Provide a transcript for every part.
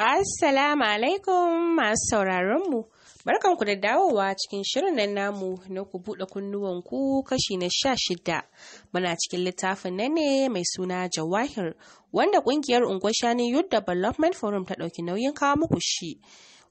Assalamu alaikum masu sauraronmu. Barkanku da dawowa cikin shirin nan namu na ku buɗe kunnuwanku kashi na sha shida. Muna cikin littafin nan ne mai suna Jawahir, wanda ƙungiyar Unguwar Shani Youth Development Forum ta ɗauki nauyin kawo muku shi.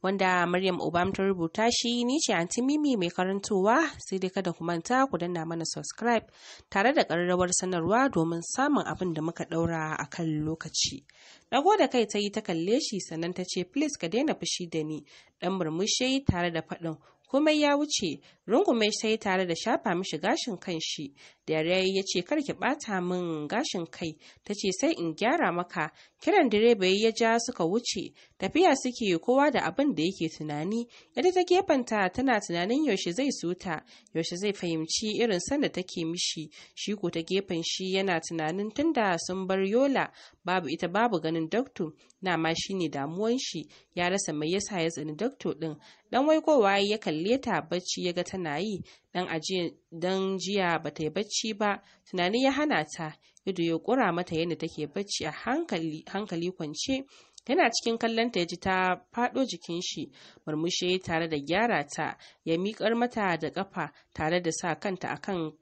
wanda Maryam Obam ta rubuta shi ni ce anti Mimi mai karantowa sai dai kada ku manta ku danna mana subscribe tare da ƙararrawar sanarwa domin samun abin da muka ɗaura a kan lokaci. Dago da kai ta yi ta kalle shi sannan ta ce please ka daina fushi da ni ɗan murmushi tare da faɗin komai ya wuce rungume sai tare da shafa mishi gashin kan shi da yayi ya ce kar ki bata min gashin kai ta ce sai in gyara maka kiran direba ya ja suka wuce tafiya suke kowa da abin da yake tunani ita ta gefanta tana tunanin yaushe zai suta yaushe zai fahimci irin san da take mishi shi ko ta gefen shi yana tunanin tunda sun bar yola babu ita babu ganin dokto na ma shine damuwan shi ya rasa mai yasa ya tsani dakto din dan wai waigowa ya kalle ta bacci ya ga tana yi dan aje dan jiya bata yi bacci ba tunani ya hana ta ido ya kura mata yadda take bacci a hankali hankali kwance yana cikin kallonta ya ji ta faɗo jikin shi murmushe tare da gyara ta ya miƙar mata da kafa tare da sa kanta akan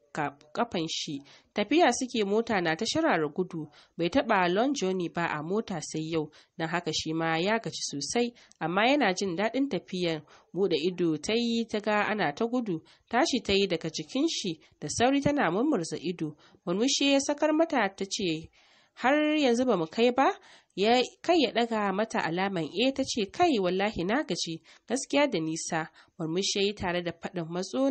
kafan shi tafiya suke mota na ta sharara gudu bai taba long journey ba a mota sai yau don haka shi ma ya gaji sosai amma yana jin daɗin tafiyan bude ido ta yi ta ga ana ta gudu tashi ta yi daga jikin shi da sauri tana murmurza ido murmushi ya sakar mata ta ce har yanzu ba mu kai ba ya kai ya daga mata alaman e eh, ta ce kai wallahi na gaji gaskiya da nisa murmushi tare da faɗin matso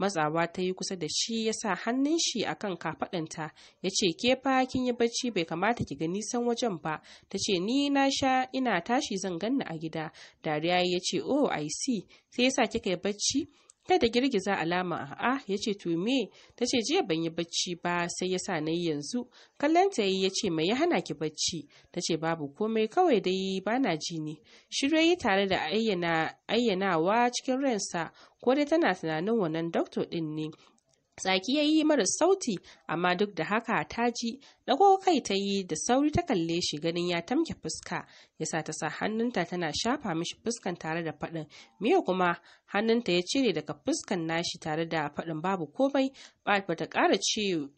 matsawa ta yi kusa da shi ya sa hannun shi a kan kafaɗanta ya ce ke fa kin yi bacci bai kamata ki ga nisan wajen ba ta ce ni na sha ina tashi zan ganni a gida dariya ya ce oh i see sai ya sa kika yi bacci kai da girgiza alama a A ya ce to me ta ce jiya ban yi bacci ba sai ya sa na yi yanzu kallon ta yi ya ce mai ya hana ki bacci ta ce babu komai kawai dai na ji ne yi tare da ayyanawa cikin ransa ko dai tana tunanin wannan doktor din ne tsaki ya yi mara sauti amma duk da haka ta ji dago kai ta yi da sauri ta kalle shi ganin ya tamke fuska ya sa ta sa hannunta tana shafa mishi fuskan tare da faɗin miya kuma hannunta ya cire daga fuskan nashi tare da faɗin babu komai ba ta ƙara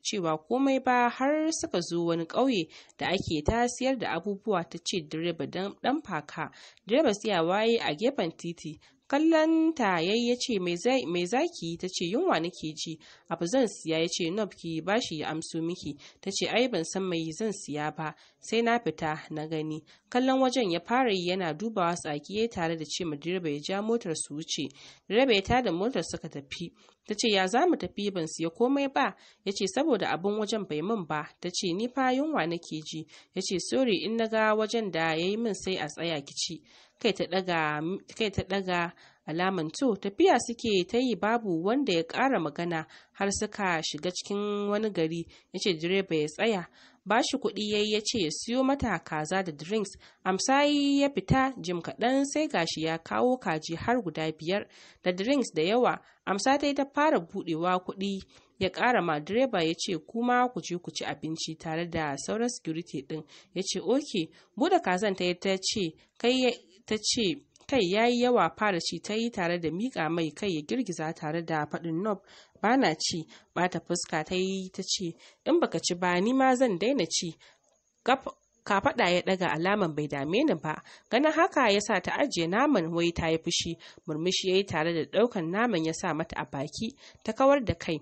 cewa komai ba har suka zo wani ƙauye da ake ta siyar da abubuwa ta ce direba dan faka direba siya waye a gefen titi kallon ta yayi ya ce mai zaki ta ce yunwa nake ji abu zan siya ya ce nob ki bashi ya amso miki ta ce ai ban san mai zan siya ba sai na fita na gani kallon wajen ya fara yi yana dubawa tsaki. Ya tare da ce direba ya ja motar su wuce direba ya tada motar suka tafi ta ce ya za mu tafi ban siya komai ba ya ce saboda abin wajen bai min ba ta ce ni fa yunwa nake ji ya ce sori in na ga wajen da ya yi min sai a tsaya ki ci. kai ta ɗaga alaman to tafiya suke ta yi babu wanda ya ƙara magana har suka shiga cikin wani gari ya ce direba ya tsaya ba shi kuɗi yayi ya ce ya siyo mata kaza da drinks amsayi ya fita jim kaɗan sai gashi ya kawo kaji har guda biyar da drinks da yawa amsa ta yi ta fara buɗewa kuɗi ya ƙara ma direba ya ce kuma ku je ku ci abinci tare da sauran security ɗin ya ce oke buɗe kazan ta ta ce ta ce kai ya yi yawa fara ci ta yi tare da miƙa mai kai ya girgiza tare da faɗin nob na ci bata fuska ta yi ta ce in baka ci ba ni ma zan daina ci Ka faɗa ya ɗaga alaman bai dame ni ba ganin haka ya sa ta ajiye naman wai ta yi fushi murmushi ya yi tare da ɗaukan naman ya sa mata a baki ta kawar da kai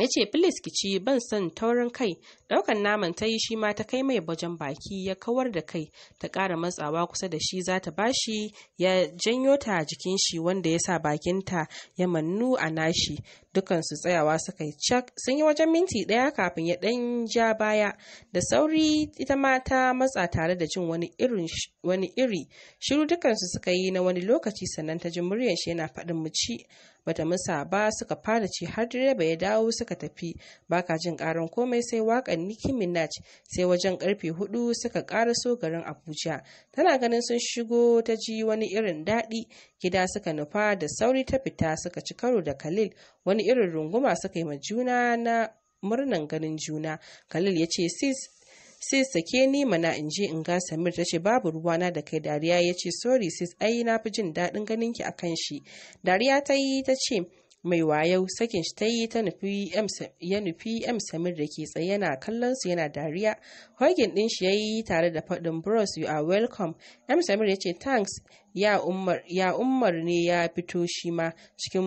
ya ce filis ki ci ban son taurin kai daukan naman ta yi shi ma ta kai mai bajan baki ya kawar da kai ta kara matsawa kusa da shi za ta bashi ya janyo ta jikin shi wanda ya sa bakinta ya mannu a nashi dukansu tsayawa suka yi cak sun yi wajen minti ɗaya kafin ya ɗan ja baya da sauri ita ma ta matsa tare da jin wani iri shiru dukansu suka yi na wani lokaci sannan ta ji muryar shi yana faɗin muci bata musa ba suka fara ci har direba ya dawo suka tafi baka jin karan komai sai wakan Nicki Minaj sai wajen karfe hudu suka kara so garin Abuja tana ganin sun shigo ta ji wani irin daɗi gida suka nufa da sauri ta fita suka ci karo da Khalil wani irin runguma suka yi ma juna na murnan ganin juna khalil ya ce sis sake ni mana in je in ga Samir ta ce babu ruwana da kai dariya ya ce sorry sis ai na fi jin daɗin ganin ki kan shi dariya ta yi ta ce mai wayau sakin shi ta yi ya nufi m samir da ke tsaye yana kallon su yana dariya hogin din shi ya yi tare da faɗin bros you are welcome m samir ya ce thanks ya umar, ne ya fito shi ma cikin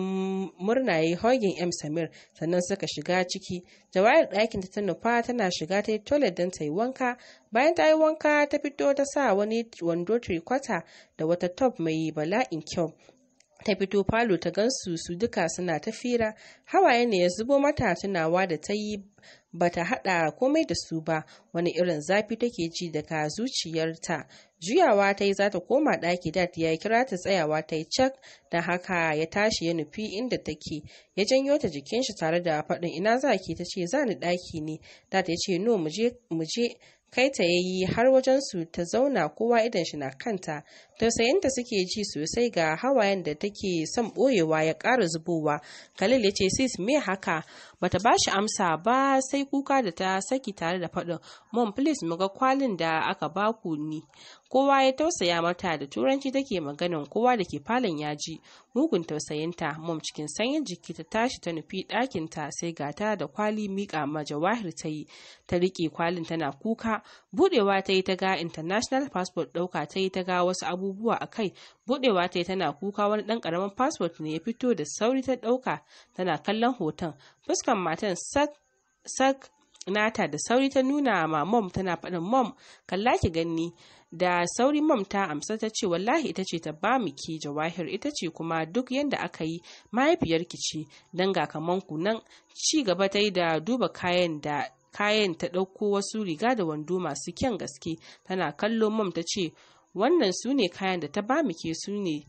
murna ya hogin m samir sannan suka shiga ciki jawayar ɗakin ta nufa tana shiga ta yi toilet don ta yi wanka bayan ta yi wanka ta fito ta sa wani wando kwata da wata top mai bala'in kyau ta fito falo ta gansu su duka suna ta fira hawaye ne ya zubo mata tunawa da ta yi ba ta hada komai da su ba wani irin zafi take ji daga zuciyarta juyawa ta yi za ta koma ɗaki da ya kira ta tsayawa ta yi cak da haka ya tashi ya nufi inda take ya janyo ta jikin shi tare da faɗin ina za ke ta ce za ni ɗaki ne da ta ce no mu je kai ta yayi har wajen su ta zauna kowa idan shi na kanta tausayinta suke ji sosai ga hawayen da take son boyewa ya ƙara zubowa khalil ya ce sis me haka bata ba shi amsa ba sai kuka da ta saki tare da faɗin mom please mu ga kwalin da aka baku ni kowa ya tausaya mata da turanci take maganin kowa da ke falon ya ji mugun tausayinta mom cikin sanyin jiki ta tashi ta nufi ɗakinta sai gata da kwali miƙa ma jawahir ta yi ta riƙe kwalin tana kuka budewa ta yi ta ga international passport ɗauka ta yi ta ga wasu abubuwa a kai budewa ta yi tana kuka wani ɗan karamin passport ne ya fito da sauri ta dauka tana kallon hoton fuskan matan sak nata da sauri ta nuna ma mom tana faɗin mom kalla ki gani da sauri mom ta amsa ta ce wallahi ita ce ta ba mu ki jawahir ita ce kuma duk yadda aka yi mahaifiyarki ce don ga kamanku nan ci gaba ta yi da duba kayan da kayan ta ɗauko wasu riga da wando masu kyan gaske tana kallo mom ta ce wannan su ne kayan da ta ba muke su ne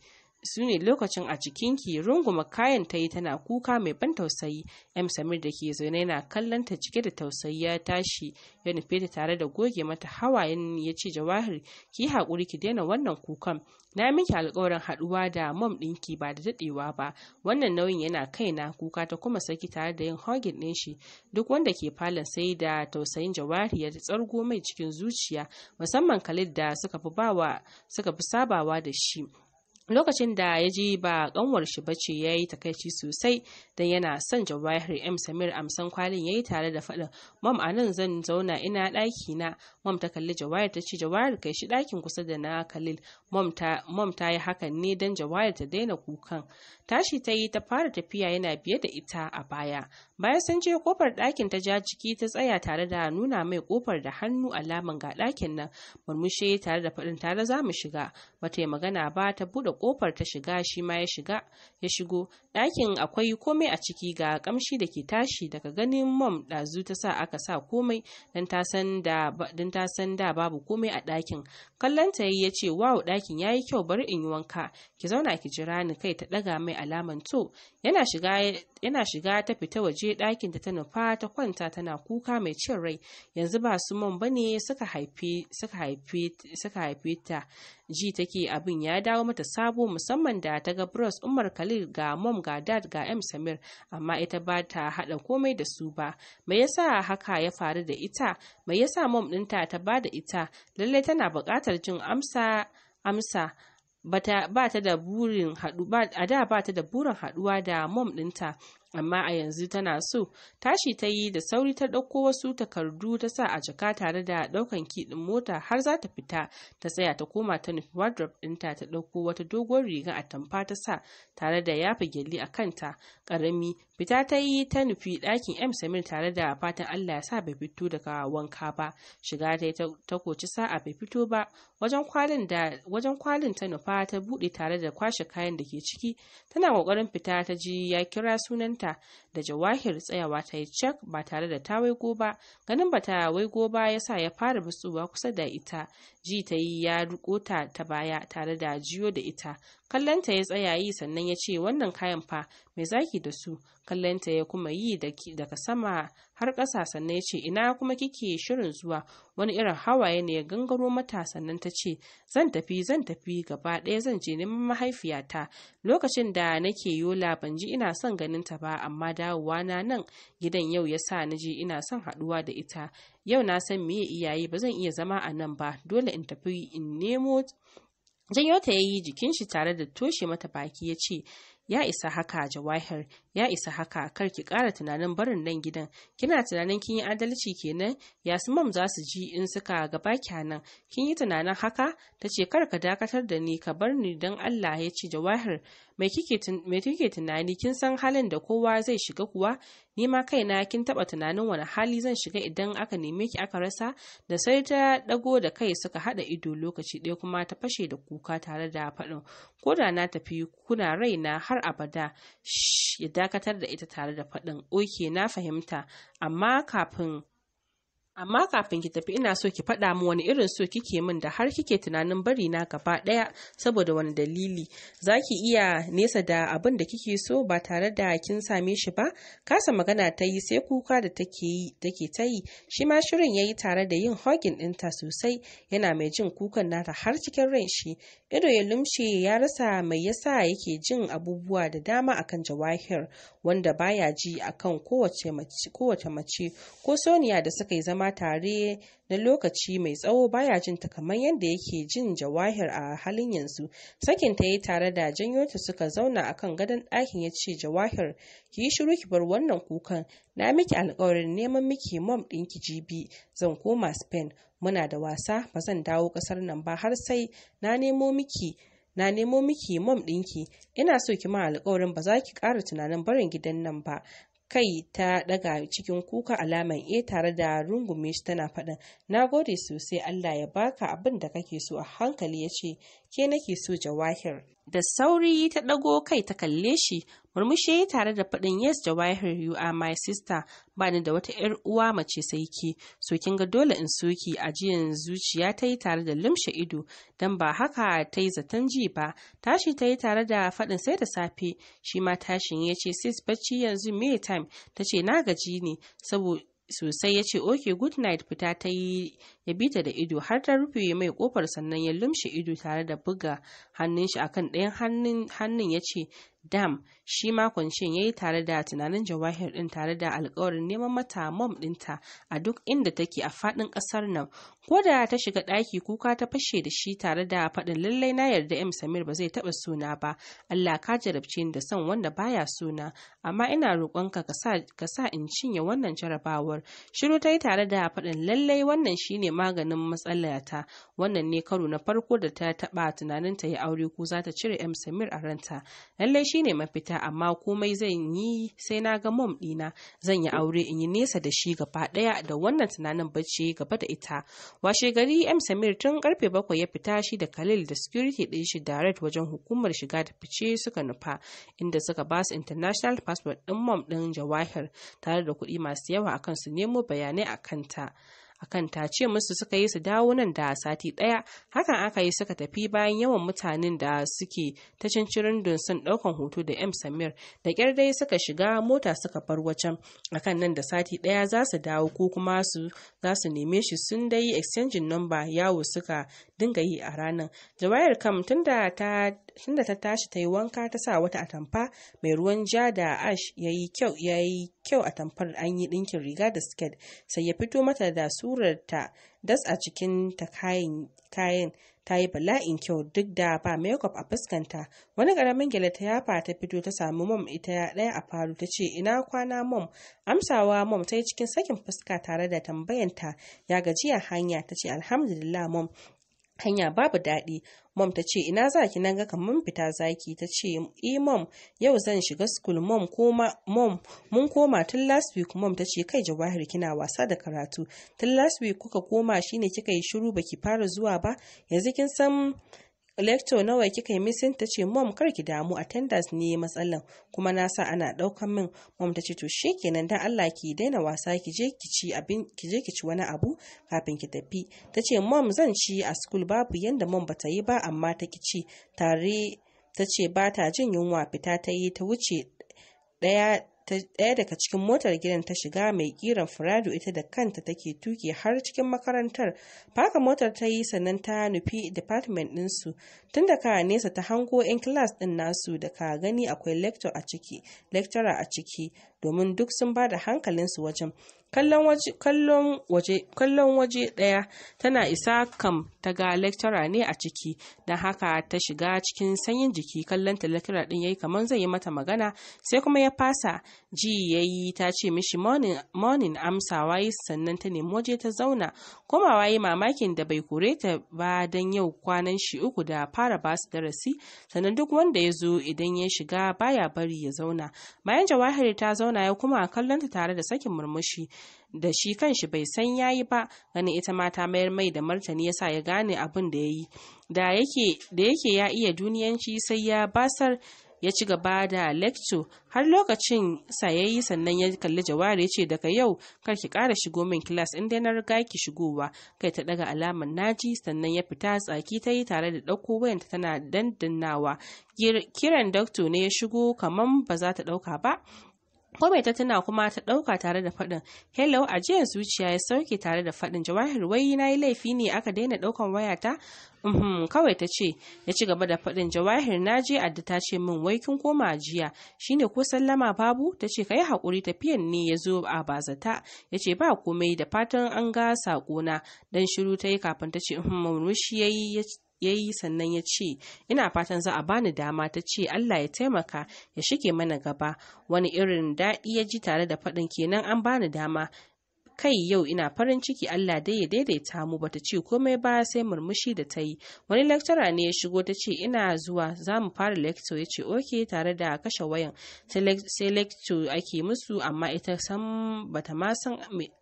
su ne lokacin a cikinki runguma kayan ta yi tana kuka mai ban tausayi m samir da ke zaune yana kallon ta cike da tausayi ya tashi ya nufe ta tare da goge mata hawayen ya ce jawahir ki haƙuri ki daina wannan kukan na miki alƙawarin haɗuwa da mom ɗinki ba da daɗewa ba wannan nauyin yana kaina kuka ta kuma saki tare da yin hogin ɗin shi duk wanda ke falon sai da tausayin jawahir ya tsargo mai cikin zuciya musamman khalid da suka fi bawa suka fi sabawa da shi lokacin da ya ji ba kanwar shi bace ya yi takaici sosai don yana son jawahir m samir amsan kwalin ya yi tare da faɗin mam a nan zan zauna ina ɗaki na mam ta kalli jawahir ta ce jawahir kai shi ɗakin kusa da na khalil mam ta yi hakan ne don jawahir ta daina kukan tashi ta yi ta fara tafiya yana biye da ita a baya bayan sun je kofar ɗakin ta ja ciki ta tsaya tare da nuna mai kofar da hannu alaman ga ɗakin nan murmushe tare da faɗin tare za mu shiga bata yi magana ba ta buɗe kofar ta shiga shi ma ya shiga ya shigo ɗakin akwai komai a ciki ga kamshi da ke tashi daga ganin mom ɗazu ta sa aka sa komai don ta san da babu komai a ɗakin kallon ta yi ya ce wow ɗakin ya yi kyau bari in yi wanka ki zauna ki jira ni kai ta ɗaga mai alaman to yana shiga ta fita waje je dakin ta nufa ta kwanta tana kuka mai cin rai yanzu ba su man bane suka haife suka haife ta ji take abin ya dawo mata sabo musamman da ta ga bros umar khalil ga mom ga dad ga m samir amma ita ba ta haɗa komai da su ba me yasa haka ya faru da ita me yasa mom ɗinta ta ba da ita lallai tana buƙatar jin amsa amsa bata ba da burin haɗu ba a da ba ta da burin haɗuwa da mom ɗinta amma a yanzu tana so tashi ta yi da sauri ta ɗauko wasu takardu ta sa a jaka tare da ɗaukan kiɗin mota har za ta fita ta tsaya ta koma ta nufi wardrobe ɗinta ta ɗauko wata doguwar riga a tamfa ta sa tare da yafa gyalli a kanta ƙarami fita ta yi ta nufi ɗakin m samir tare da fatan allah ya sa bai fito daga wanka ba shiga ta yi ta koci sa'a bai fito ba wajen kwalin ta nufa ta buɗe tare da kwashe kayan da ke ciki tana ƙoƙarin fita ta ji ya kira sunanta da jawahir tsayawa ta yi cek ba tare da ta waigo ba ganin ba ta waigo ba ya sa ya fara bisuwa kusa da ita ji ta yi ya riko ta ta baya tare da jiyo da ita kallonta ya tsaya yi sannan ya ce wannan kayan fa mai zaki da su kallonta ya kuma yi daga sama har ƙasa sannan ya ce ina kuma kike shirin zuwa wani irin hawaye ne ya gangaro mata sannan ta ce zan tafi zan tafi gaba ɗaya zan je neman mahaifiyata lokacin da nake yola ban ji ina son ganin ta ba amma dawowa na nan gidan yau ya sa na ji ina son haɗuwa da ita yau na san miye iyaye ba zan iya zama a nan ba dole in tafi in nemo janyo ya yi jikin shi tare da toshe mata baki ya ce ya isa haka jawahir ya isa haka kar ki ƙara tunanin barin nan gidan kina tunanin kin yi adalci kenan yasmam za su ji in suka gaba nan. kin yi tunanin haka ta ce kar ka dakatar da ni ka bar ni don allah ya ce jawahir mai kike tunani kin san halin da kowa zai shiga kuwa ni ma kaina kin taba tunanin wani hali zan shiga idan aka neme ki aka rasa da sai ta dago da kai suka haɗa ido lokaci ɗaya kuma ta fashe da kuka tare da faɗin ko da na tafi kuna raina har abada ya dakatar da ita tare da faɗin oke na fahimta amma kafin amma kafin ki tafi ina so ki faɗa mu wani irin so kike min da har kike tunanin bari na gaba ɗaya saboda wani dalili za ki iya nesa da abin da kike so ba tare da kin same shi ba kasa magana ta yi sai kuka da take yi take ta yi shi ma shirin ya yi tare da yin hogin ɗinta sosai yana mai jin kukan nata har cikin ran shi ido ya lumshe ya rasa mai yasa yake jin abubuwa da dama akan jawahir wanda baya ji a kan kowace mace ko Soniya da suka yi zama tare na lokaci mai tsawo baya jin ta kamar yadda yake jin Jawahir a halin yanzu sakin ta yi tare da janyo ta suka zauna a kan gadon ɗakin ya ce Jawahir ki yi shiru ki bar wannan kukan na miki alkawarin neman miki mom ɗinki jibi zan koma Spain muna da wasa ba zan dawo ƙasar nan ba har sai na nemo miki na nemo miki mom ɗinki ina so ki ma alƙawarin ba za ki ƙara tunanin barin gidan nan ba kai ta daga cikin kuka alaman e tare da rungume shi tana faɗin na gode sosai Allah ya baka abin da kake so a hankali ya ce ke nake so jawahir da sauri ta ɗago kai ta kalle shi Murmushi ya yi tare da faɗin yes Jawahir you are my sister ba ni da wata ‘yar uwa mace sai ki so kin ga dole in soki ajiyan zuciya ta yi tare da lumshe ido don ba haka ta yi zaton ji ba tashi ta yi tare da faɗin sai da safe shi ma tashin ya ce sis bacci yanzu me time ta ce na gaji ne saboda sosai ya ce okay good night fita ta yi ya bi ta da ido har ta rufe mai kofar sannan ya lumshe ido tare da buga hannun shi akan ɗayan hannun ya ce dam shi ma kwanciyar ya yi tare da tunanin jawahir din tare da alkawarin neman mata mom dinta a duk inda take a fadin kasar nan ko da ta shiga ɗaki kuka ta fashe da shi tare da faɗin lallai na yarda m samir ba zai taɓa suna ba allah ka jarabce ni da son wanda baya suna amma ina roƙonka ka sa in cinye wannan jarabawar shiru ta yi tare da faɗin lallai wannan shine maganin matsalata wannan ne karo na farko da ta taba tunanin ta yi aure ko za ta cire m samir a ranta lallai shine mafita amma komai zan yi sai na ga mom dina zan yi aure in yi nesa da shi gaba daya da wannan tunanin bacci gaba da ita washe gari m samir tun karfe bakwai ya fita shi da khalil da security din shi direct wajen hukumar shiga da fice suka nufa inda suka basu international passport din mom din jawahir tare da kuɗi masu yawa akan su nemo bayanai a kanta. akan ce musu suka yi su dawo nan da sati ɗaya hakan aka yi suka tafi bayan yawan mutanen da suke ta cincirin sun ɗaukan hoto da m samir da ƙyar dai suka shiga mota suka bar wacan akan nan da sati ɗaya za su dawo ko kuma su za su neme shi sun dai exchanging number yawo suka dinga yi a ranar jawayar kam tunda ta ta tashi ta yi wanka ta sa wata atamfa mai ruwan ja da ash ya yi kyau ya yi kyau atamfar an yi ɗinkin riga da siket sai ya fito mata da surar ta das a cikin ta kayan kayan ta yi bala'in kyau duk da ba makeup a fuskanta wani karamin gyale ta yafa ta fito ta samu mom ita ɗaya a faru ta ce ina kwana mom amsawa mom ta yi cikin sakin fuska tare da tambayanta ya gajiya hanya ta ce alhamdulillah mom hanya babu daɗi mom ta ce ina zaki nan ga kamar fita zaki ta ce e mom yau zan shiga school mom koma mom mun koma tun last week mom ta ce kai jawahir kina wasa da karatu tun last week kuka koma shine kika yi shiru baki fara zuwa ba yanzu kin san lecto nawa kika yi misin ta ce mom kar ki damu attendance ne matsalan kuma na sa ana daukan min mom ta ce to kenan dan Allah ki daina wasa ki je ki ci abin ki je ki ci wani abu kafin ki tafi ta ce mom zan ci a school babu yanda mom bata yi ba amma ta ki ci tare ta ce ba ta jin yunwa fita ta yi ta wuce daya ɗaya daga cikin motar gidan ta shiga mai kiran furado ita da kanta take tuki har cikin makarantar faka motar ta yi sannan ta nufi department ɗinsu tun da ka nesa ta hango 'yan class ɗin nasu da ka gani akwai lecture lecturer a ciki domin duk sun ba da hankalinsu wajen kallon waje ɗaya tana isa kam ta ga lecturer ne a ciki don haka ta shiga cikin sanyin jiki kallon ta lecturer ɗin yayi kamar zai yi mata magana sai kuma ya fasa ji yayi ta ce mishi morning amsawa yi sannan ta nemi waje ta zauna komawa yi mamakin da bai kore ta ba don yau kwanan shi uku da fara ba su darasi sannan duk wanda ya zo idan ya shiga baya bari ya zauna bayan jawahiri ta zauna zauna ya kuma a kallonta tare da sakin murmushi da shi kanshi bai san yayi ba ganin ita mata, mayar mai da martani ya sa ya gane abin da yayi da yake da yake ya iya duniyanci sai ya basar ya ci gaba da lecto har lokacin sa ya yi sannan ya kalli jawari ya ce daga yau kar ki ƙara shigo min kilas in dai na riga ki shigowa kai ta daga alamar naji sannan ya fita tsaki ta yi tare da ɗauko wayanta tana dandannawa kiran dakto ne ya shigo kaman ba za ta ɗauka ba komai ta tuna kuma ta ɗauka tare da faɗin hello ajiyar zuciya ya sauke tare da faɗin jawahir wai na yi laifi ne aka daina ɗaukan wayata uhm, kawai ta ce ya ci gaba da faɗin jawahir na je adda ta ce min wai kin koma ajiya shine ko sallama babu ta ce ka yi hakuri, tafiyan ne ya zo a bazata ya ce ba komai da fatan an ga sakona dan shiru ta yi kafin ta ce uhm, murmushi ya yi ya yi sannan ya ce ina fatan za a bani dama ta ce allah ya taimaka ya shige mana gaba wani irin daɗi ya ji tare da faɗin kenan an bani dama kai yau ina farin ciki Allah dai ya daidaita mu bata ce komai ba sai murmushi da ta yi wani lecturer ne ya shigo ta ce ina zuwa za mu fara lecture ya ce oke tare da kashe wayan sai lecture ake musu amma ita san bata ma san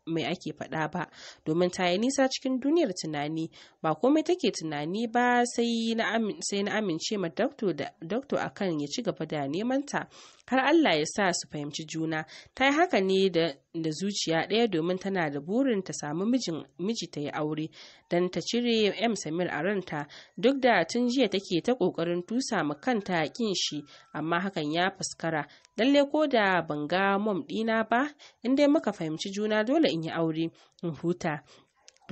mai ake faɗa ba domin ta yi nisa cikin duniyar tunani ba komai take tunani ba sai na amince ma a akan ya ci gaba da neman ta har Allah ya sa su fahimci juna ta yi haka ne da zuciya ɗaya domin tana da burin ta samu miji ta yi aure don ta cire M Samir a ranta duk da tun jiya take ta ƙoƙarin tusa ma kanta kin shi amma hakan ya fuskara. lalle ko da ban ga mom dina ba in muka fahimci juna dole in yi aure in huta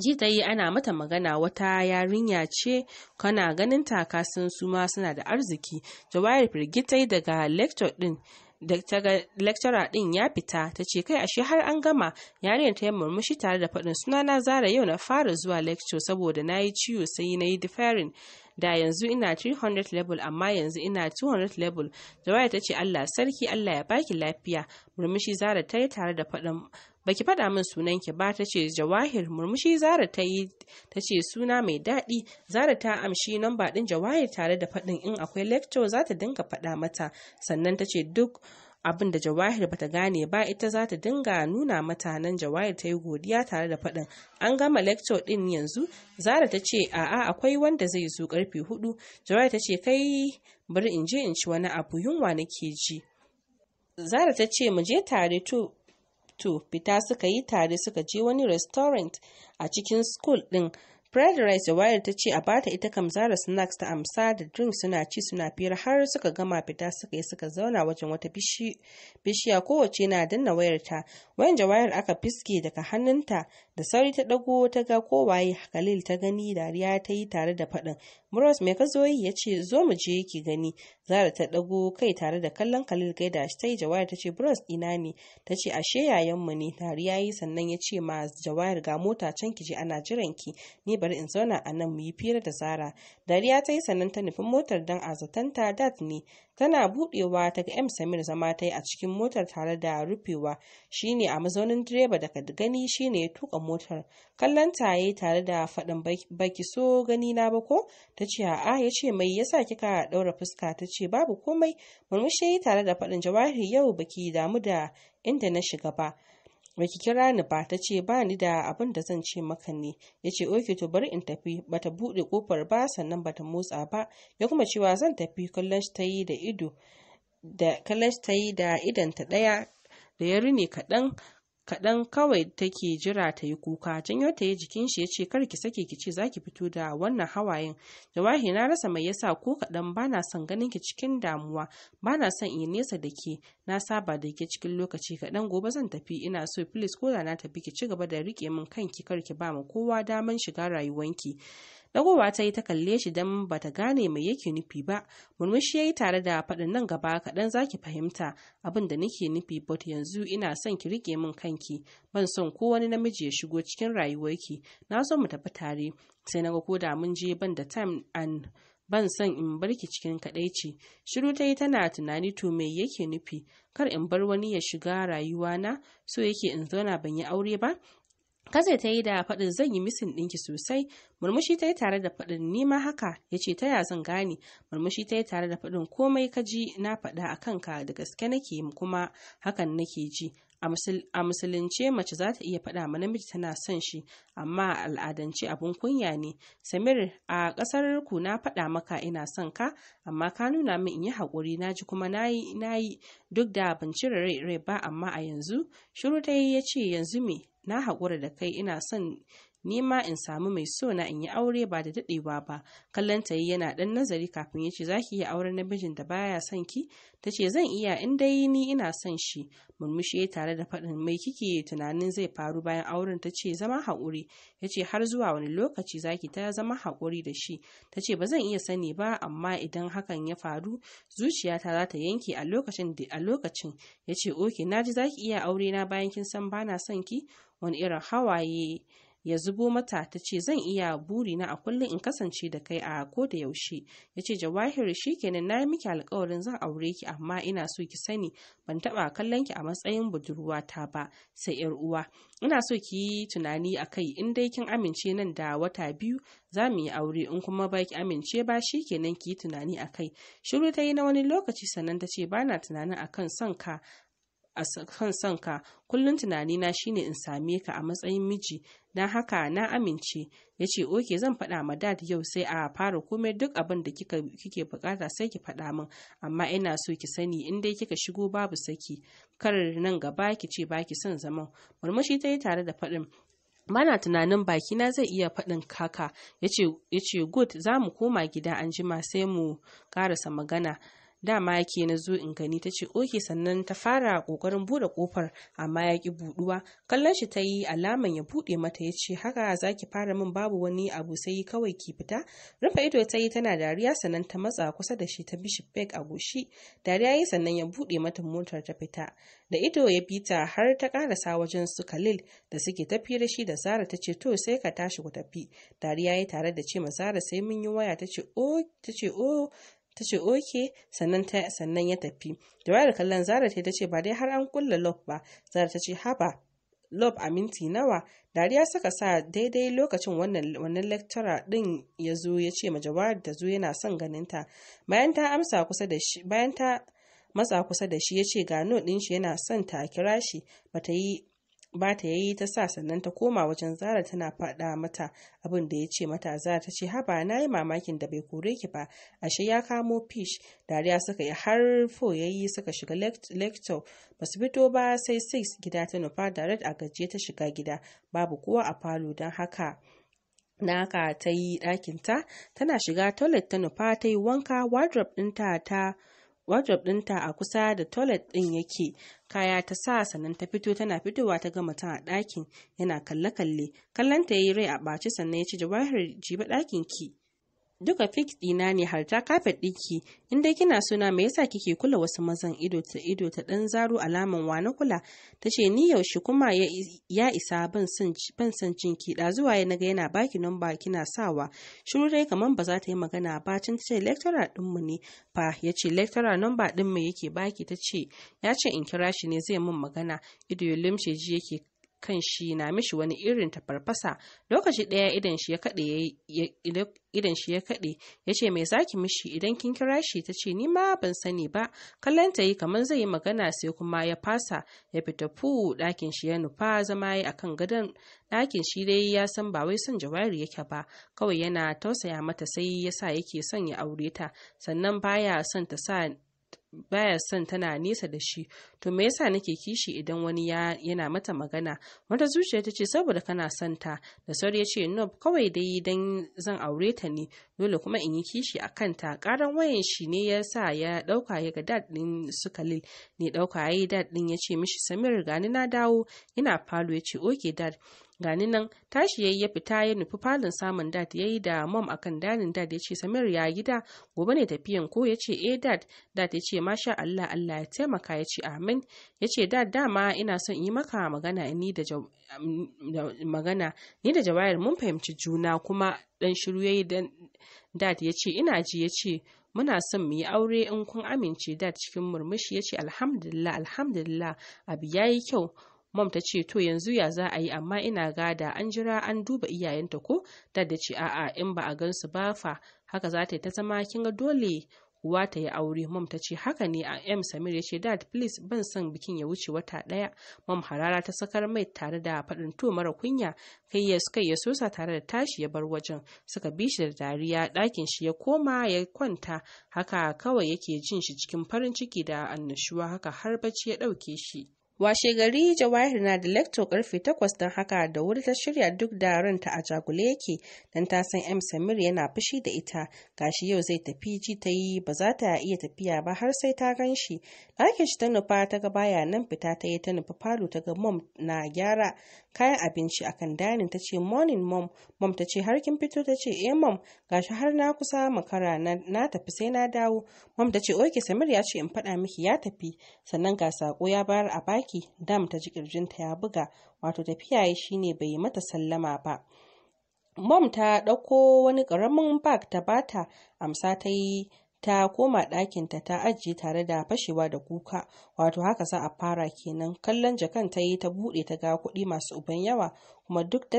ji ta yi ana mata magana wata yarinya ce kana ganin taka sun suma suna da arziki jawayar firgitai daga lecture din daga lecturer din ya fita ta ce kai ashe har an gama Yarinya ta yi murmushi tare da faɗin na zara yau na fara zuwa lecture saboda na yi ciwo sai na yi deferring da yanzu ina 300 level amma yanzu ina 200 level jawaya ta ce allah sarki allah ya baki lafiya murmushi zara ta yi tare da faɗin baki faɗa min sunan ki ba ta ce jawahir murmushi zara ta yi ta ce suna mai daɗi zara ta amshi namba ɗin jawahir tare da faɗin in akwai lecture za ta dinga faɗa mata sannan ta ce duk abin da jawahir bata gane ba ita za ta dinga nuna mata jawahir ta yi godiya tare da faɗin an gama lecture din yanzu zara ta ce a'a akwai wanda zai zo karfe hudu jawahir ta ce kai bari in je in ci wani abu yunwa nake ji zara ta ce mu je tare to to fita suka yi tare suka je wani restaurant a cikin school din Fried rice da wayar ta ce a bata ita kamzara snacks ta amsa da drink suna ci suna fira har suka gama fita suka yi suka zauna wajen wata bishiya kowace na danna wayar ta wayan wayar aka fiske daga hannunta da sauri ta dago ta ga kowaye Khalil ta gani dariya ta yi tare da faɗin Bros mai kazoyi zo ya ce zo mu je ki gani. Zara ta ɗago kai tare da kallon Khalil gaida shi ta yi ta ce bros ina ne. Ta ce ashe mu ne. tare yayi sannan ya ce ma Jawahir ga mota can ki je ana jiran ki. Ni bari in zauna a nan mu yi fira da Zara. Dariya ta yi sannan ta nufin motar dan azatanta dat ne. tana buɗewa ta ga m samir zama ta yi a cikin motar tare da rufewa shine a mazaunin direba daga gani shine ya tuka motar kallon ta yi tare da faɗin baki so gani na ba ko ta ce a'a ya ce mai yasa kika ɗaura fuska ta ce babu komai murmushi tare da faɗin jawahir yau baki damu da inda na shiga ba baki kira ni ba ta ce ba ni da abin da zan ce maka ne ya ce oke to bari in tafi bata buɗe kofar ba sannan bata motsa ba ya kuma cewa zan tafi kallon shi ta yi da ido da kallon ta yi da idanta ɗaya da ya rine kaɗan kaɗan kawai take jira ta yi kuka janyo ta yi jikin shi ya ce kar ki sake ki ce za ki fito da wannan hawayen jawahi na rasa mai yasa ko kaɗan ba na son ganin ki cikin damuwa ba na son in nesa da ke na saba da ke cikin lokaci kaɗan gobe zan tafi ina so please ko da na tafi ki ci gaba da riƙe min kanki kar ki ba ma kowa daman shiga rayuwanki ragowa ta yi ta kalle shi don ba ta gane mai yake nufi ba murmushi ya yi tare da faɗin nan gaba kaɗan za ki fahimta abin da nake nufi but yanzu ina son ki rike min kanki ban son ko wani namiji ya shigo cikin rayuwarki na so mu tafi tare sai na ga ko da mun je ban da time and ban son in barki cikin kaɗai ce. shiru ta yi tana tunani to me yake nufi kar in bar wani ya shiga rayuwana so yake in zauna ban yi aure ba Kaze ta yi da faɗin zan yi misin ɗinki sosai, murmushi ta yi tare da faɗin nima haka ya ce ta ya zan gane, murmushi ta yi tare da faɗin komai kaji na faɗa a kanka da gaske nake kuma hakan nake ji, a musulunce mace za ta iya faɗa ma namiji tana son shi amma al'adance abun kunya ne samir a ƙasar ku na faɗa maka ina son ka amma ka nuna min in yi haƙuri na ji kuma na yi na yi duk da ban cire rai rai ba amma a yanzu shiru dai ya ce yanzu me na haƙura da kai ina son ni ma in samu mai so na in yi aure ba da daɗewa ba kallon ta yi yana ɗan nazari kafin ya ce za ki iya auren namijin da baya son ki ta ce zan iya in dai ni ina son shi murmushi ya tare da faɗin mai kike tunanin zai faru bayan auren ta ce zama haƙuri ya ce har zuwa wani lokaci za ki ta zama haƙuri da shi ta ce ba zan iya sani ba amma idan hakan ya faru zuciyata za ta yanke a lokacin a lokacin ya ce oke na ji za ki iya aure na bayan kin san bana son ki wani irin hawaye ya zubo mata ta ce zan iya buri na a kullum in kasance da kai a ko da yaushe ya ce jawahir shikenan na yi miki alkawarin zan aure ki amma ina so ki sani ban taba kallon ki a matsayin budurwata ba sai yar uwa ina so ki yi tunani a kai in dai kin amince nan da wata biyu za mu yi aure in kuma ba ki amince ba shikenan ki yi tunani a kai shiru ta yi na wani lokaci sannan ta ce bana tunanin a kan son ka a kan ka kullum tunanina shine in same ka a matsayin miji don haka na amince ya ce oke zan faɗa ma dad yau sai a fara komai duk abin da kike bukata sai ki faɗa min amma ina so ki sani in dai kika shigo babu saki kar nan gaba ki ce baki son zaman murmushi ta yi tare da faɗin bana tunanin bakina zai iya faɗin kaka ya ce good za mu koma gida an jima sai mu karasa magana dama yake na zo in gani ta ce oke sannan ta fara kokarin bude kofar amma ya ki buduwa kallon shi ta yi alaman ya bude mata ya ce haka za ki fara min babu wani abu sai kawai ki fita rufe ido ta yi tana dariya sannan ta matsa kusa da shi ta bishop beg a goshi dariya yi sannan ya bude mata motar ta fita da ido ya bi ta har ta karasa wajen su Khalil da suke tafi da shi da Zara ta ce to sai ka tashi ku tafi dariya ya tare da ce ma Zara sai mun yi waya ta ce o oh, ta ce o oh. ta ce oke sannan ya tafi da wayar kallon zara ta ta ce ba dai har an kulla lob ba zara ta ce haba lob a minti nawa dariya suka sa daidai lokacin wannan wannan lecturer din ya zo ya ce ma da zo yana son ganin ta bayan ta amsa kusa da shi bayan ta matsa kusa da shi ya ce ga din ɗin shi yana son ta kira shi bata yi ba ta yayi ta sa sannan ta koma wajen zara tana faɗa mata abin da ya ce mata zara ta ce haba na yi mamakin da bai kore ki ba ashe ya kamo fish dariya suka yi har fo yayi suka shiga lecture ba su fito ba sai six gida ta nufa da direct a gajiye ta shiga gida babu kowa a falo don haka na ka ta yi ɗakinta tana shiga toilet ta nufa ta yi wanka wardrobe ɗinta ta wardrobe ɗinta a kusa da toilet ɗin yake kaya ta sa sannan ta fito tana fitowa ta ga mutum a ɗakin yana kalle-kalle kallon ta yi rai a ɓaci sannan ya ci jawahar jiba ɗakin ki duka fik ɗina ne har ta kafet ɗiki in dai kina suna me yasa kike kula wasu mazan ido ta ido ta ɗan zaro alaman wa na kula ta ce ni yaushe kuma ya isa ban san cin ki zuwa ya naga yana baki namba kina sawa shiru dai kamar ba za ta yi magana ba tun ta ce lecturer ɗinmu ne fa ya ce lecturer namba ɗinmu yake baki ta ce ya ce in kira shi ne zai mun magana ido ya limshe ji yake kan shi na mishi wani irin tafarfasa lokaci ɗaya idan shi ya kaɗe ya ce mai zaki mishi idan kin kira shi ta ce ni ma ban sani ba kallon ta yi kamar zai yi magana sai kuma ya fasa ya fita fu ɗakin shi ya nufa zama ya kan gadon ɗakin shi dai ya san ba wai son jawari yake ba kawai yana tausaya mata sai ya sa yake son ya aure ta sannan baya son ta sa baya son tana nesa da shi to me yasa nake kishi idan wani ya yana mata magana wata zuciya ta ce saboda kana son ta da sauri ya ce no kawai dai dan zan aure ta ne dole kuma in yi kishi a kanta karan wayan shi ne ya sa ya dauka ya ga dad din su kalil ne dauka yayi dad din ya ce mishi samir gani na dawo ina falo ya ce oke dad gani nan tashi yayi ya fita ya nufi falon samun dad yayi da mom akan dalin dad ya ce samir ya gida gobe ne tafiyan ko ya ce eh dad dad ya ce masha allah allah ya taimaka ya ce amin ya ce dad dama ina son yi maka magana ni da jawayar mun fahimci juna kuma dan shiru yayi dan dad ya ce ina ji ya ce muna son mu yi aure in kun amince dad cikin murmushi ya ce alhamdulillah alhamdulillah abu yayi kyau mom ta ce to yanzu ya za a yi amma ina gada an jira an duba iyayenta ko dad da ce a'a in ba a gansu ba fa haka za ta yi ta zama kin ga dole uwa ta yi aure mom ta ce haka ne a m samir ya ce dad please ban son bikin ya wuce wata daya mom harara ta sakar mai tare da faɗin to mara kunya kai ya suka ya sosa tare da tashi ya bar wajen suka bi shi da dariya ɗakin shi ya koma ya kwanta haka kawai yake jin shi cikin farin ciki da annashuwa haka har bacci ya ɗauke shi washe gari jawahir na da lekto karfe takwas don haka da wuri ta shirya duk da ranta a jagule yake don ta san m samir yana fushi da ita gashi yau zai tafi ji ta yi ba za ta iya tafiya ba har sai ta gan shi ɗakin shi ta nufa ta ga baya nan fita ta yi ta nufa falo ta ga mom na gyara kayan abinci akan danin ta ce morning mom mom ta ce har kin fito ta ce eh mom gashi har na kusa makara na tafi sai na dawo mom ta ce oke samir ya ce in faɗa miki ya tafi sannan ga sako ya bayar a baki mamaki dam ta ji kirjinta ya buga wato tafiya shine bai mata sallama ba mom ta dauko wani karamin bag ta bata amsa ta yi ta koma ɗakinta ta ajiye tare da fashewa da kuka wato haka za a fara kenan kallon jakan ta yi ta bude ta ga kuɗi masu uban yawa kuma duk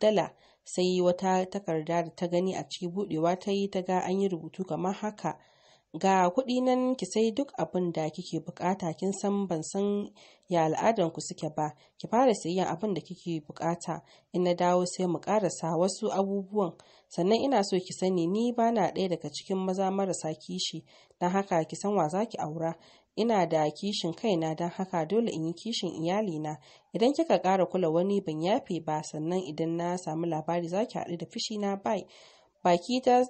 dala sai wata takarda da ta gani a ciki budewa ta yi ta ga an yi rubutu kamar haka ga kuɗi nan ki sai duk abin da kike bukata kin san ban san ya al'adan ku suke ba ki fara sayan abin da kike bukata in na dawo sai mu karasa wasu abubuwan sannan ina so ki sani ni bana ɗaya daga cikin maza marasa kishi na haka ki san wa zaki aura ina da kishin kaina dan haka dole in yi kishin iyali na, idan kika ƙara kula wani ban yafe ba sannan idan na samu labari zaki haɗu da fushi na bai baki ta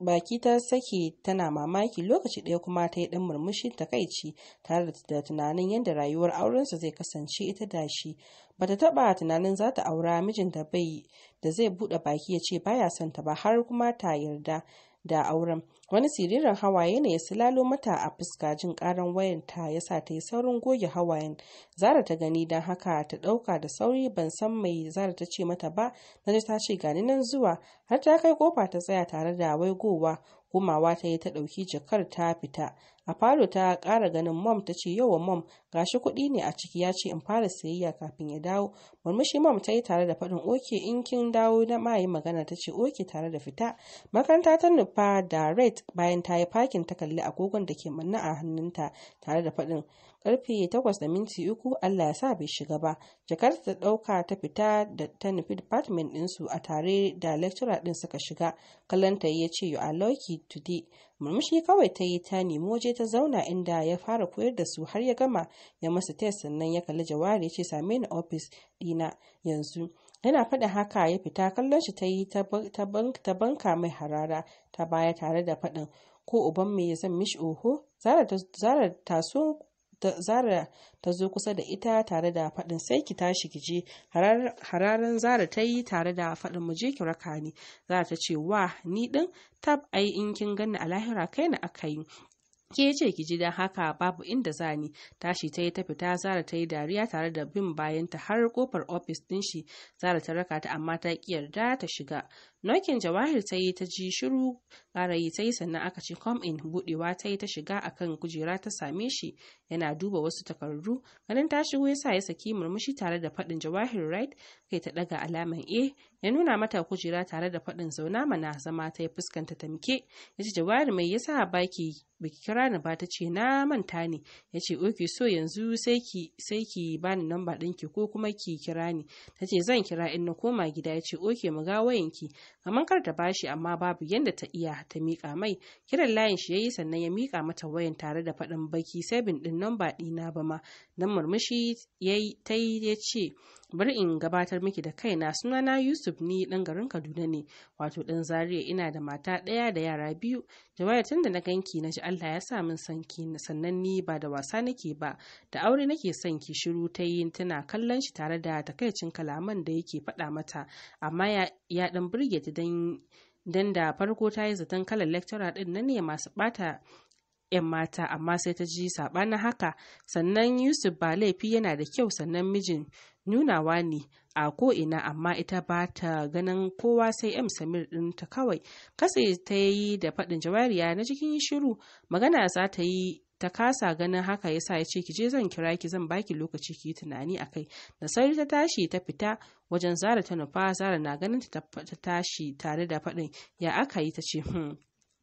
baki ta sake tana mamaki lokaci ɗaya kuma ta yi ɗan murmushin takaici tare da tunanin yadda rayuwar aurensu zai kasance ita da shi bata taɓa tunanin za ta aura mijin da bai da zai buɗe baki ya ce baya son ta ba har kuma ta yarda da auren wani siririn hawaye ne ya silalo mata a fuska jin karan wayanta ya sa ta yi saurin goge hawayen zara ta gani don haka ta dauka da sauri ban san mai zara ta ce mata ba na ta ce gani nan zuwa har ta kai kofa ta tsaya tare da waigowa gumawa ta yi ta dauki jakar ta fita a falo ta kara ganin mom ta ce yawan mom gashi kuɗi ne a ciki ya ce in fara sayayya kafin ya dawo murmushi mom ta yi tare da faɗin oke in kin dawo na mayi magana ta ce oke tare da fita makaranta ta nufa da bayan ta yi fakin ta kalli agogon da ke manna a hannunta tare da faɗin karfe takwas allah ya sa bai shiga ba jakarta ta ɗauka ta fita da ta nufi department ɗinsu a tare da lecturer ɗin suka shiga kallonta ya ce you are today murmushi kawai ta yi ta nemo waje ta zauna inda ya fara koyar da su har ya gama ya masa test sannan ya kalli jawari ya ce same ni ofis ɗina yanzu yana faɗa haka ya fita kallon shi ta yi ta banka mai harara ta baya tare da faɗin ko uban me ya zan mishi oho zara ta so zara ta zo kusa da ita tare da faɗin sai ki tashi ki je hararan zara ta yi tare da faɗin mu je ki raka ni zara ta ce wa ni ɗin tab ai in kin ganni a lahira kai na aka yi ke ce ki ji dan haka babu inda zani tashi ta yi ta fita zara ta yi dariya tare da bin bayanta har kofar ofis ɗin shi zara ta raka ta amma ta ki yarda ta shiga nokin jawahir ta yi ta ji shiru ƙarayi ta yi sannan aka ce com in buɗewa ta yi ta shiga a kan kujera ta same shi yana duba wasu takardu ganin ta shigo ya sa ya saki murmushi tare da faɗin jawahir right kai ta ɗaga alaman a ya nuna mata kujera tare da faɗin zauna mana zama ta yi fuskanta tamke ya ce jawahir mai yasa baki baki kira ni ba ta ce na manta ne ya ce oke so yanzu sai ki sai ki bani namba ɗinki ko kuma ki kira ni ta ce zan kira in na koma gida ya ce oke mu ga wayanki kamar kar ta bashi amma babu yadda ta iya ta miƙa mai kiran layin shi yayi sannan ya miƙa mata wayan tare da faɗin baki sabin ɗin namba ɗina ba ma dan murmushi yayi ta yi ya ce bari in gabatar miki da kaina sunana yusuf ni dan garin kaduna ne wato dan zaria ina da mata ɗaya da yara biyu jawaya tun da na ganki na ji allah ya sa min sanki sannan ni ba da wasa nake ba da aure nake son ki shiru ta yi tana kallon shi tare da takaicin kalaman da yake faɗa mata amma ya dan burge ta dan dan da farko ta yi zaton kalar lecturer din na ne masu bata 'yan mata amma sai ta ji saɓanin haka sannan yusuf ba laifi yana da kyau sannan mijin nunawa ne a ko ina amma ita ba ta ganin kowa sai m samir ta kawai katse ta yi da faɗin jawariya na cikin shiru magana za ta yi ta kasa ganin haka ya sa ya ce kije zan kira ki zan baki lokaci ki tunani a kai da sauri ta tashi ta fita wajen zara ta nufa zara na ganin ta tashi tare da faɗin ya aka yi ta ce hmm.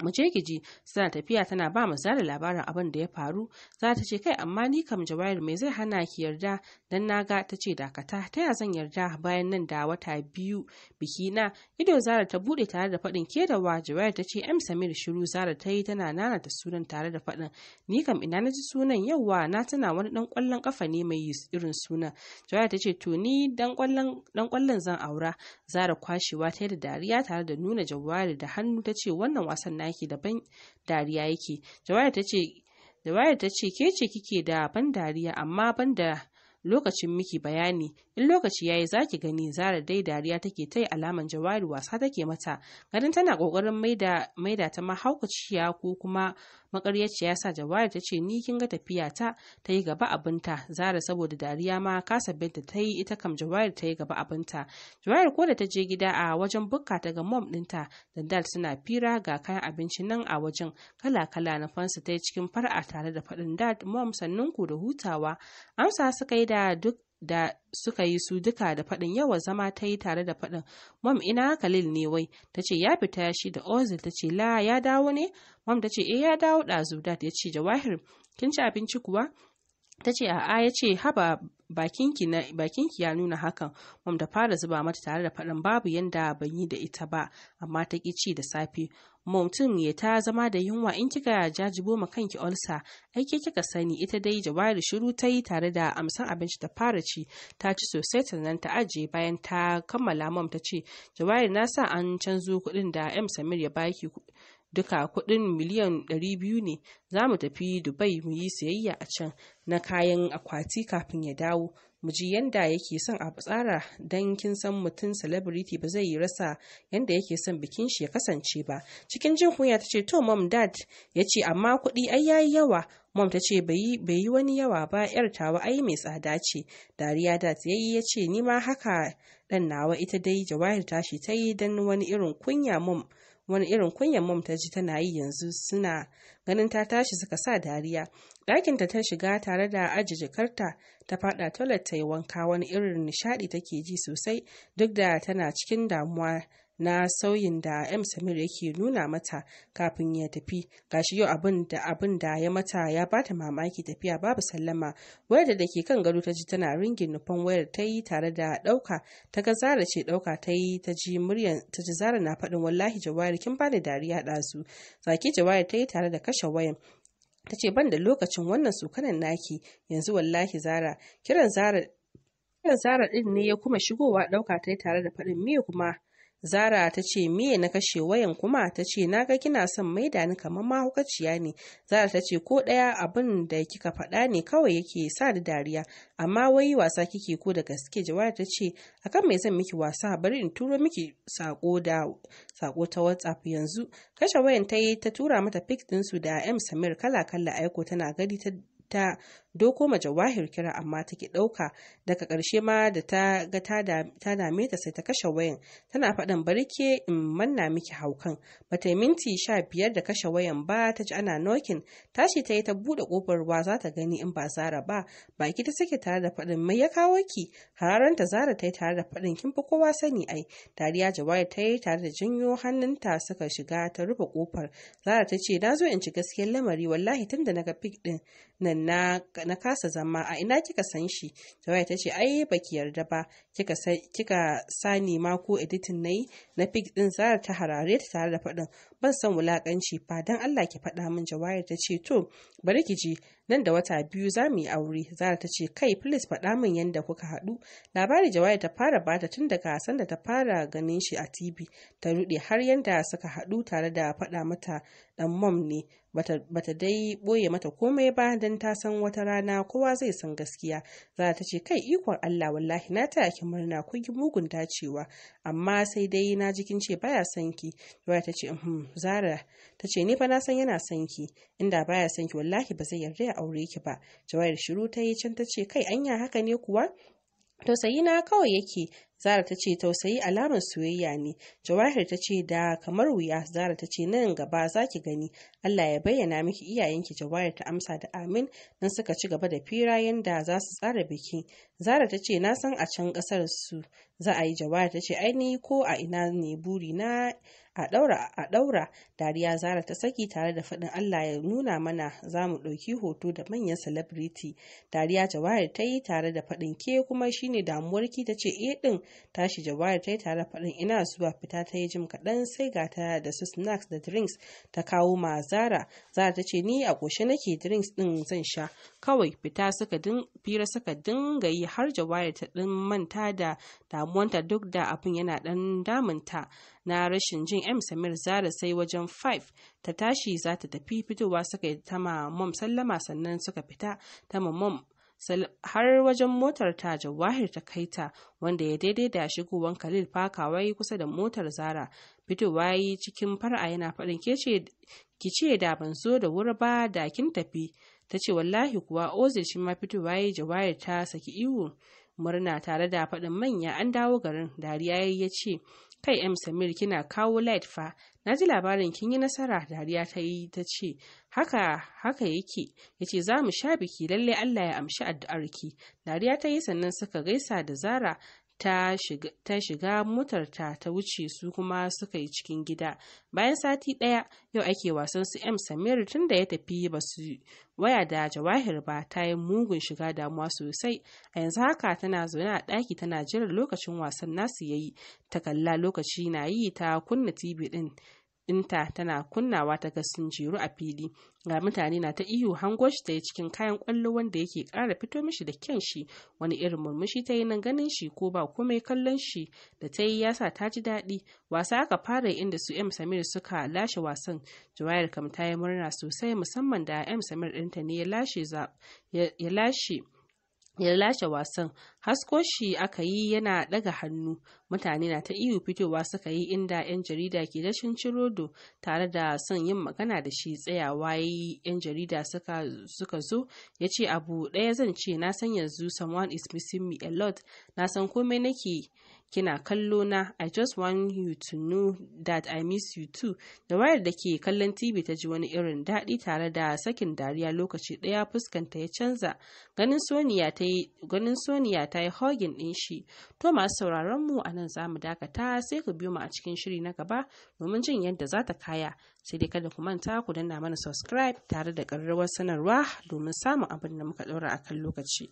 mu je ki ji suna tafiya tana ba mu zara labarin abin da ya faru za ta ce kai amma ni kam mai me zai hana ki yarda dan ga ta ce dakata ta ya zan yarda bayan nan da wata biyu biki na ido zara ta bude tare da faɗin ke da wa jawahir ta ce am samir shiru zara ta yi tana nana ta sunan tare da faɗin ni kam ina na ji sunan yauwa na tana wani dan kwallon kafa ne mai irin suna. jawayar ta ce to ni dan kwallon dan kwallon zan aura zara kwashewa ta da dariya tare da nuna jawahir da hannu ta ce wannan wasan na mamaki da dariya yake jawahar ta ce ta ce ke ce kike da ban dariya amma ban da lokacin miki bayani in lokaci yayi zaki gani zara dai dariya take tai alaman jawari wasa take mata ganin tana kokarin maida maida ta mahaukaciya ko kuma makaryaci ya sa jawahir ta ce ni kin ga tafiya ta ta yi gaba abinta zara saboda dariya ma kasa binta ta yi ita kam jawayar ta yi gaba abinta jawayar ko da ta je gida a wajen bukka ta ga mom ɗinta dandal suna fira ga kayan abinci nan a wajen kala kala na fansa ta yi cikin far'a tare da faɗin dad mom sannan ku da hutawa amsa suka yi da duk da suka yi su duka da faɗin yawa zama ta yi tare da faɗin mam ina khalil ne wai ta ce ya fita shi da ozil ta ce la ya dawo ne mam ta ce e ya dawo ɗazu da ya ce jawahir kin ci abinci kuwa ta ce a'a ya ce haba bakinki ya nuna hakan mam da fara zuba mata tare da faɗin babu yanda ban yi da ita ba amma ta ki ci da safe mutum ya ta zama da yunwa in kika jajibo ma kanki olsa aike kika sani ita dai jawari shiru ta yi tare da amsan abinci ta fara ci ta ci sosai sannan ta ajiye bayan ta kammala mam ta ce jawari na sa an canzo kuɗin da m samir ya baki duka kuɗin miliyan 200 ne za mu tafi dubai mu yi siyayya a can na kayan akwati kafin ya dawo mu ji yanda yake son a tsara don kin san mutum celebrity ba zai yi rasa yanda yake son bikin shi ya kasance ba cikin jin kunya ta ce to mom dad ya ce amma kuɗi ai yayi yawa mom ta ce bai yi wani yawa ba yar tawa ai mai tsada ce dariya dad yi ya ce ni ma haka dan nawa ita dai jawahir tashi ta yi don wani irin kunya mom wani irin kunyan mom ta ji tana yi yanzu suna ganin ta tashi suka sa dariya ɗakinta ta shiga tare da ajijikarta ta faɗa toilet ta yi wanka wani irin nishaɗi take ji sosai duk da tana cikin damuwa na sauyin da M Samir yake nuna mata kafin ya tafi gashi yau abin da abin da ya mata ya bata mamaki tafiya babu sallama wayar da ke kan gado ta ji tana ringin nufan wayar ta yi tare da dauka ta ga Zara ce dauka ta yi ta ji muryan ta ji Zara na faɗin wallahi jawayar kin bani dariya ɗazu zaki jawayar ta yi tare da kashe wayan ta ce ban da lokacin wannan sukanan naki yanzu wallahi Zara kiran Zara kiran Zara din ne ya kuma shigowa dauka ta yi tare da faɗin me kuma Zara ta ce miye na kashe wayan kuma ta ce na ga kina son maida ni kamar mahukaciya ne. Zara ta ce ko ɗaya abin da kika faɗa ne kawai yake sa da dariya amma wai wasa kike ko da gaske jawara ta ce akan mai zan miki wasa bari in turo miki sako da sako ta WhatsApp yanzu. Kashe wayan ta yi ta tura mata pic su da M Samir kala kala aiko tana gadi ta Dokoma ma jawahir kira amma ta ki ɗauka daga ƙarshe ma da ta ga ta dame ta sai ta kashe wayan tana faɗin barke in manna miki haukan bata yi minti sha biyar da kashe wayan ba ta ji ana nokin tashi ta yi ta buɗe ƙofar ruwa za ta gani in ba zara ba baki ta sake tare da faɗin mai ya kawo ki hararanta zara ta yi tare da faɗin kin fi kowa sani ai dariya jawahir ta yi tare da janyo hannunta suka shiga ta rufe ƙofar zara ta ce na zo in ci gaskiyar lamari wallahi tun da na ga fik ɗin nan na na kasa zama a ina kika san shi jawai ta ce ai baki yarda ba kika sani ma ko editin nayi na pic din zara ta harare ta tare da faɗin ban san wulakanci fa dan Allah ki faɗa min jawayar ta ce to bari ki ji nan da wata biyu za mu yi aure Zara ta ce kai please faɗa min yanda kuka haɗu labari jawayar ta fara bata tun daga san da ta fara ganin shi a TV ta ruɗe har yanda suka haɗu tare da faɗa mata dan mom ne bata dai boye mata komai ba dan ta san wata rana kowa zai san gaskiya za ta ce kai ikon Allah wallahi na ta ki murna kun yi mugun dacewa amma sai dai na kin ce baya son ki Joya ta ce uhm, Zara ta ce ni fa na san yana son ki inda baya son ki wallahi ba zai yarda ya aure ki ba. Jawayar shiru ta yi can ta ce kai anya haka ne kuwa tausayi na kawai yake zara ta ce tausayi alamar soyayya ne jawahir ta ce da kamar wuya zara ta ce nan gaba za ki gani allah ya bayyana miki iyayenki jawahir ta amsa da amin dan suka ci gaba da firayen da za su tsara biki zara ta ce na san a can kasar su za a yi jawara ta ce ni ko a ina ne buri na a daura a daura dariya zara ta saki tare da faɗin allah ya nuna mana za mu ɗauki hoto da manyan celebrity dariya jawahir ta yi tare da faɗin ke kuma shine damuwar ki ta ce eh ɗin tashi jawahir ta yi tare da faɗin ina zuwa fita ta yi jim kaɗan sai ga ta da su snacks da drinks ta kawo ma zara zara ta ce ni a goshe nake drinks ɗin zan sha kawai fita suka din fira suka dinga yi har jawahir ta ɗin manta da damuwanta duk da abin yana ɗan damunta na rashin jin m samir zara sai wajen 5 ta tashi za ta tafi fitowa suka yi ta mom sallama sannan suka fita ta mom har wajen motar ta jawahir ta kai ta wanda ya daidai da shigowan khalil fakawai kusa da motar zara fitowa yi cikin far'a yana faɗin kice da ban zo da wuri ba da kin tafi ta ce wallahi kuwa ozil shi ma fitowa yi jawahir ta saki ihu murna tare da faɗin manya an dawo garin dariya ya ce kai m samir kina kawo light fa na ji labarin kin yi nasara dariya ta yi ta ce haka haka yake ya ce za mu sha biki lallai allah ya amshi addu'arki dariya ta yi sannan suka gaisa da zara ta shiga motarta ta wuce su kuma suka yi cikin gida bayan sati ɗaya yau ake wasan su m samir tun da ya tafi ba su waya da jawahir ba ta yi mugun shiga damuwa sosai a yanzu haka tana zaune a ɗaki tana jiran lokacin wasan nasu yayi ta kalla lokaci na yi ta kunna tv ɗin inta tana kunnawa ta ga sun jeru a fili ga mutane na ta ihu hango shi ta yi cikin kayan kwallo wanda yake ƙara fito mishi da kyan shi wani irin murmushi ta yi nan ganin shi ko ba komai kallon shi da ta yi yasa ta ji daɗi wasa aka fara inda su m samir suka lashe wasan jawayar kam ta yi murna sosai musamman da m samir ɗinta ne ya lashe ya lashe wasan hasko aka yi yana daga hannu mutane na ta iyo fitowa suka yi inda 'yan jarida ke dashin cirodo tare da son yin magana da shi tsayawa yi 'yan jarida suka zo ya ce abu ɗaya zan ce na san yanzu someone is missing me a lot na san komai nake kina kallo na i just want you to know that i miss you too da wayar da ke kallon tv ta ji wani irin daɗi tare da sakin dariya lokaci ɗaya fuskanta ya canza ganin soniya ta yi hogin ɗin shi to masu sauraron mu a nan za mu dakata sai ku biyo mu a cikin shiri na gaba domin jin yadda za ta kaya sai dai kada ku manta ku danna mana subscribe tare da ƙararrawar sanarwa domin samun abin da muka ɗaura a kan lokaci